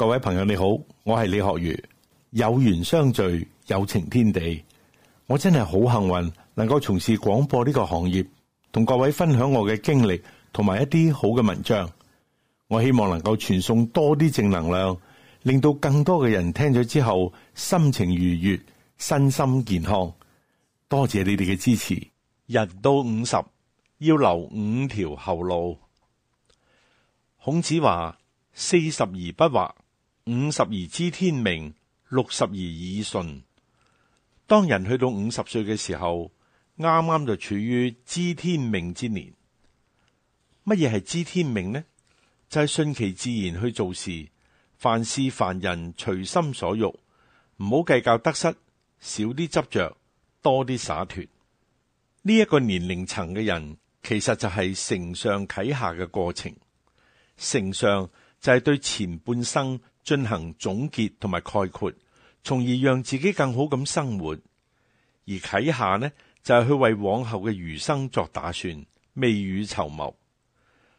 各位朋友你好，我係李學儒。有緣相聚，有情天地。我真係好幸運，能夠從事廣播呢個行業，同各位分享我嘅經歷同埋一啲好嘅文章。我希望能夠傳送多啲正能量，令到更多嘅人聽咗之後心情愉悦，身心健康。多謝你哋嘅支持。人到五十要留五條後路。孔子話：四十而不惑。五十而知天命，六十而耳順。當人去到五十歲嘅時候，啱啱就處於知天命之年。乜嘢係知天命呢？就係、是、順其自然去做事，凡事凡人隨心所欲，唔好計較得失，少啲執着，多啲灑脫。呢、這、一個年齡層嘅人，其實就係承上啟下嘅過程，承上，就係對前半生進行總結同埋概括，從而讓自己更好咁生活。而啟下呢，就係去為往後嘅餘生作打算，未雨綢繆。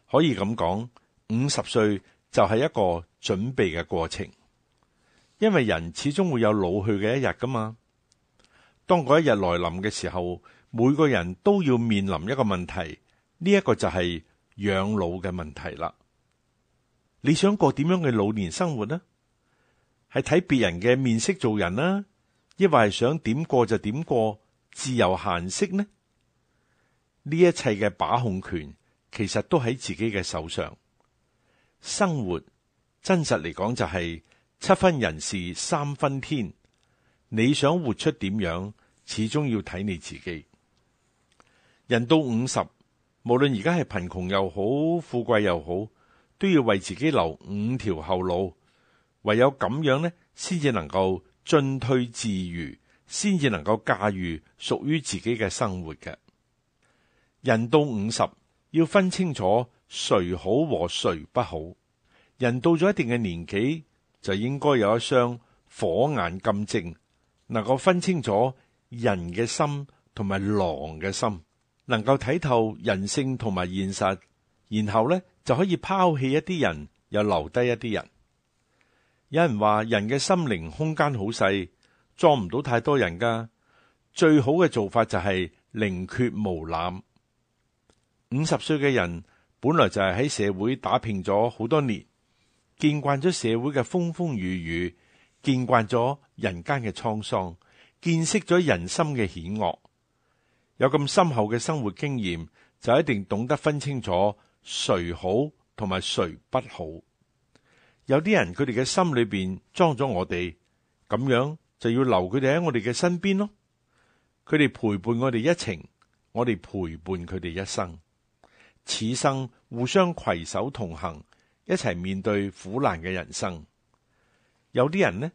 可以咁講，五十歲就係一個準備嘅過程，因為人始終會有老去嘅一日噶嘛。當嗰一日來臨嘅時候，每個人都要面臨一個問題，呢一個就係養老嘅問題啦。你想過點樣嘅老年生活呢？係睇別人嘅面色做人啦、啊，抑或係想點過就點過，自由閒適呢？呢一切嘅把控權其實都喺自己嘅手上。生活真實嚟講就係、是、七分人事，三分天。你想活出點樣，始終要睇你自己。人到五十，無論而家係貧窮又好，富貴又好。都要為自己留五條後路，唯有咁樣呢，先至能夠進退自如，先至能夠駕馭屬於自己嘅生活嘅。人到五十，要分清楚誰好和誰不好。人到咗一定嘅年紀，就應該有一雙火眼金睛，能夠分清楚人嘅心同埋狼嘅心，能夠睇透人性同埋現實，然後呢。就可以拋棄一啲人，又留低一啲人。有人話，人嘅心靈空間好細，裝唔到太多人噶。最好嘅做法就係寧缺毋濫。五十歲嘅人本來就係喺社會打拼咗好多年，見慣咗社會嘅風風雨雨，見慣咗人間嘅滄桑，見識咗人心嘅險惡，有咁深厚嘅生活經驗，就一定懂得分清楚。誰好同埋誰不好？有啲人，佢哋嘅心裏邊裝咗我哋，咁樣就要留佢哋喺我哋嘅身邊咯。佢哋陪伴我哋一程，我哋陪伴佢哋一生，此生互相攜手同行，一齊面對苦難嘅人生。有啲人呢，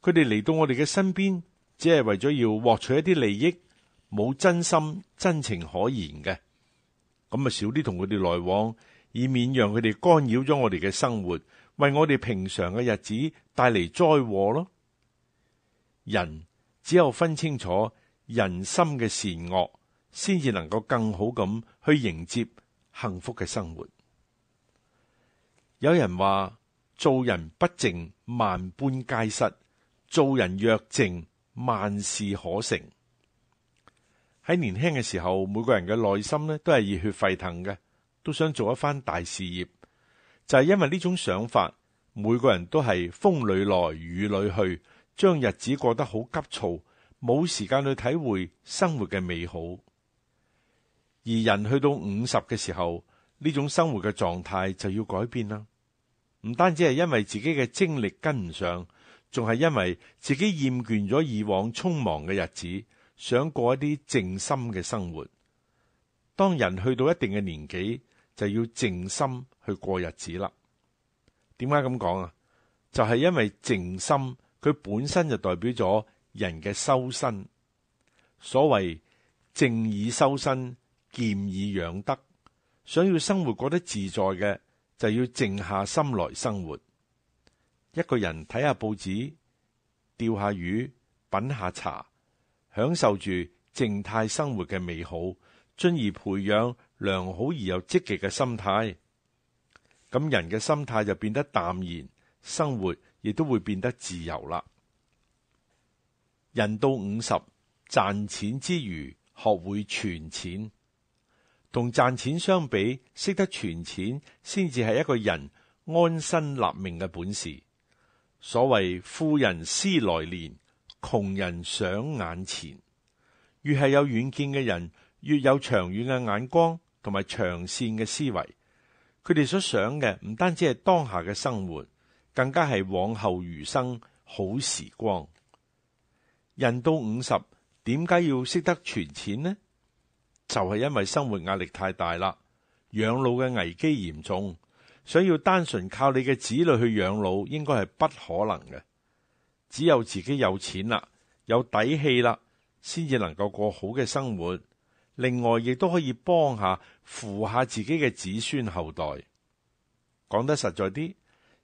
佢哋嚟到我哋嘅身邊，只係為咗要獲取一啲利益，冇真心、真情可言嘅。咁咪少啲同佢哋來往，以免讓佢哋干擾咗我哋嘅生活，為我哋平常嘅日子帶嚟災禍咯。人只有分清楚人心嘅善惡，先至能夠更好咁去迎接幸福嘅生活。有人話：做人不靜，萬般皆失；做人若靜，萬事可成。喺年輕嘅時候，每個人嘅內心呢都係熱血沸騰嘅，都想做一番大事業。就係因為呢種想法，每個人都係風裏來雨裏去，將日子過得好急躁，冇時間去體會生活嘅美好。而人去到五十嘅時候，呢種生活嘅狀態就要改變啦。唔單止係因為自己嘅精力跟唔上，仲係因為自己厭倦咗以往匆忙嘅日子。想過一啲靜心嘅生活，當人去到一定嘅年紀，就要靜心去過日子啦。點解咁講啊？就係因為靜心佢本身就代表咗人嘅修身。所謂靜以修身，儉以養德。想要生活過得自在嘅，就要靜下心來生活。一個人睇下報紙，釣下魚，品下茶。享受住靜態生活嘅美好，進而培養良好而又積極嘅心態。咁人嘅心態就變得淡然，生活亦都會變得自由啦。人到五十，賺錢之餘，學會存錢，同賺錢相比，識得存錢先至係一個人安身立命嘅本事。所謂富人思來年。窮人想眼前，越係有遠見嘅人，越有長遠嘅眼光同埋長線嘅思維。佢哋所想嘅唔單止係當下嘅生活，更加係往後餘生好時光。人到五十，點解要識得存錢呢？就係因為生活壓力太大啦，養老嘅危機嚴重，想要單純靠你嘅子女去養老，應該係不可能嘅。只有自己有錢啦，有底氣啦，先至能夠過好嘅生活。另外，亦都可以幫下扶下自己嘅子孫後代。講得實在啲，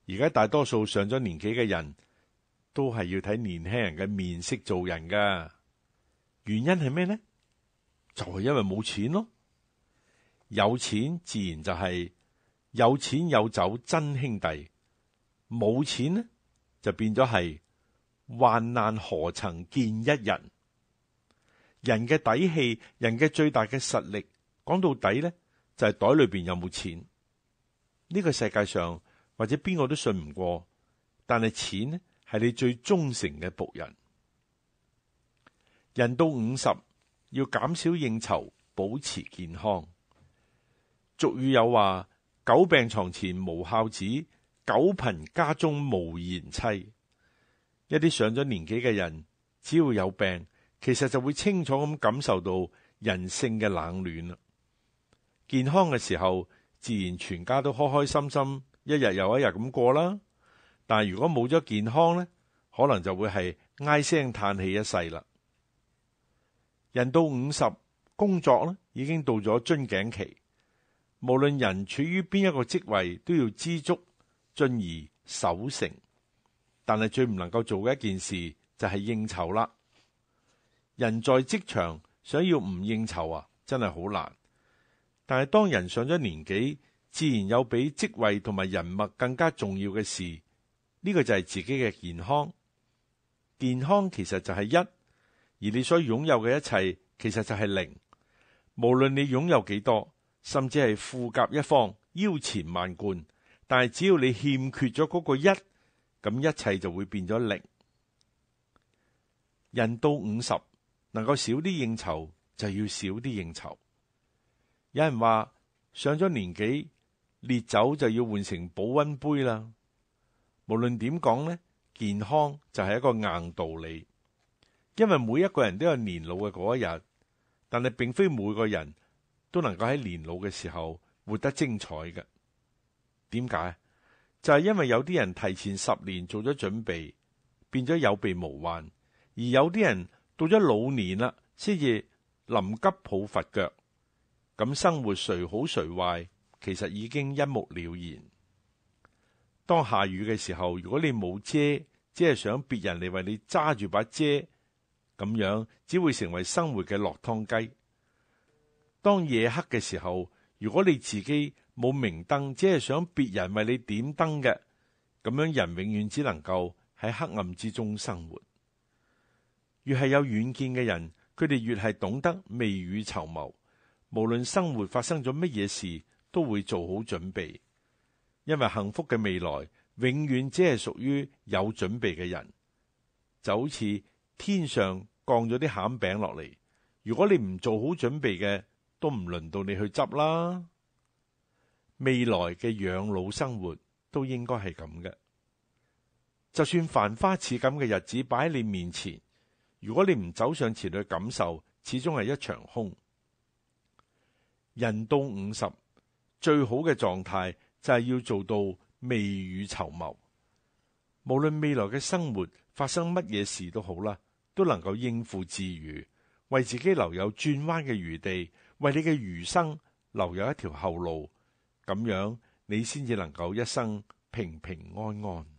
而家大多數上咗年紀嘅人都係要睇年輕人嘅面色做人噶。原因係咩呢？就係因為冇錢咯。有錢自然就係有錢有酒真兄弟，冇錢呢，就變咗係。患難何曾見一人？人嘅底氣，人嘅最大嘅實力，講到底呢，就係袋裏邊有冇錢。呢個世界上或者邊個都信唔過，但係錢呢係你最忠誠嘅僕人。人到五十要減少應酬，保持健康。俗語有話：久病床前無孝子，久貧家中無賢妻。一啲上咗年紀嘅人，只要有病，其實就會清楚咁感受到人性嘅冷暖。健康嘅時候，自然全家都開開心心，一日又一日咁過啦。但如果冇咗健康呢，可能就會係唉聲嘆氣一世啦。人到五十，工作呢已經到咗樽頸期，無論人處於邊一個職位，都要知足，進而守成。但係最唔能夠做嘅一件事就係、是、應酬啦。人在職場想要唔應酬啊，真係好難。但係當人上咗年紀，自然有比職位同埋人脈更加重要嘅事。呢、這個就係自己嘅健康。健康其實就係一，而你所擁有嘅一切其實就係零。無論你擁有幾多，甚至係富甲一方、腰纏萬貫，但係只要你欠缺咗嗰個一，咁一切就會變咗零。人到五十，能夠少啲應酬就要少啲應酬。有人話上咗年紀，烈酒就要換成保溫杯啦。無論點講呢，健康就係一個硬道理。因為每一個人都有年老嘅嗰一日，但係並非每個人都能夠喺年老嘅時候活得精彩嘅。點解？就係因為有啲人提前十年做咗準備，變咗有備無患；而有啲人到咗老年啦，先至臨急抱佛腳。咁生活誰好誰壞，其實已經一目了然。當下雨嘅時候，如果你冇遮，只係想別人嚟為你揸住把遮，咁樣只會成為生活嘅落湯雞。當夜黑嘅時候，如果你自己冇明燈，只係想別人為你點燈嘅，咁樣人永遠只能夠喺黑暗之中生活。越係有遠見嘅人，佢哋越係懂得未雨綢繆，無論生活發生咗乜嘢事，都會做好準備，因為幸福嘅未來永遠只係屬於有準備嘅人，就好似天上降咗啲餡餅落嚟，如果你唔做好準備嘅。都唔輪到你去執啦。未來嘅養老生活都應該係咁嘅。就算繁花似錦嘅日子擺喺你面前，如果你唔走上前去感受，始終係一場空。人到五十，最好嘅狀態就係要做到未雨綢繆。無論未來嘅生活發生乜嘢事都好啦，都能夠應付自如，為自己留有轉彎嘅餘地。為你嘅餘生留有一條後路，咁樣，你先至能夠一生平平安安。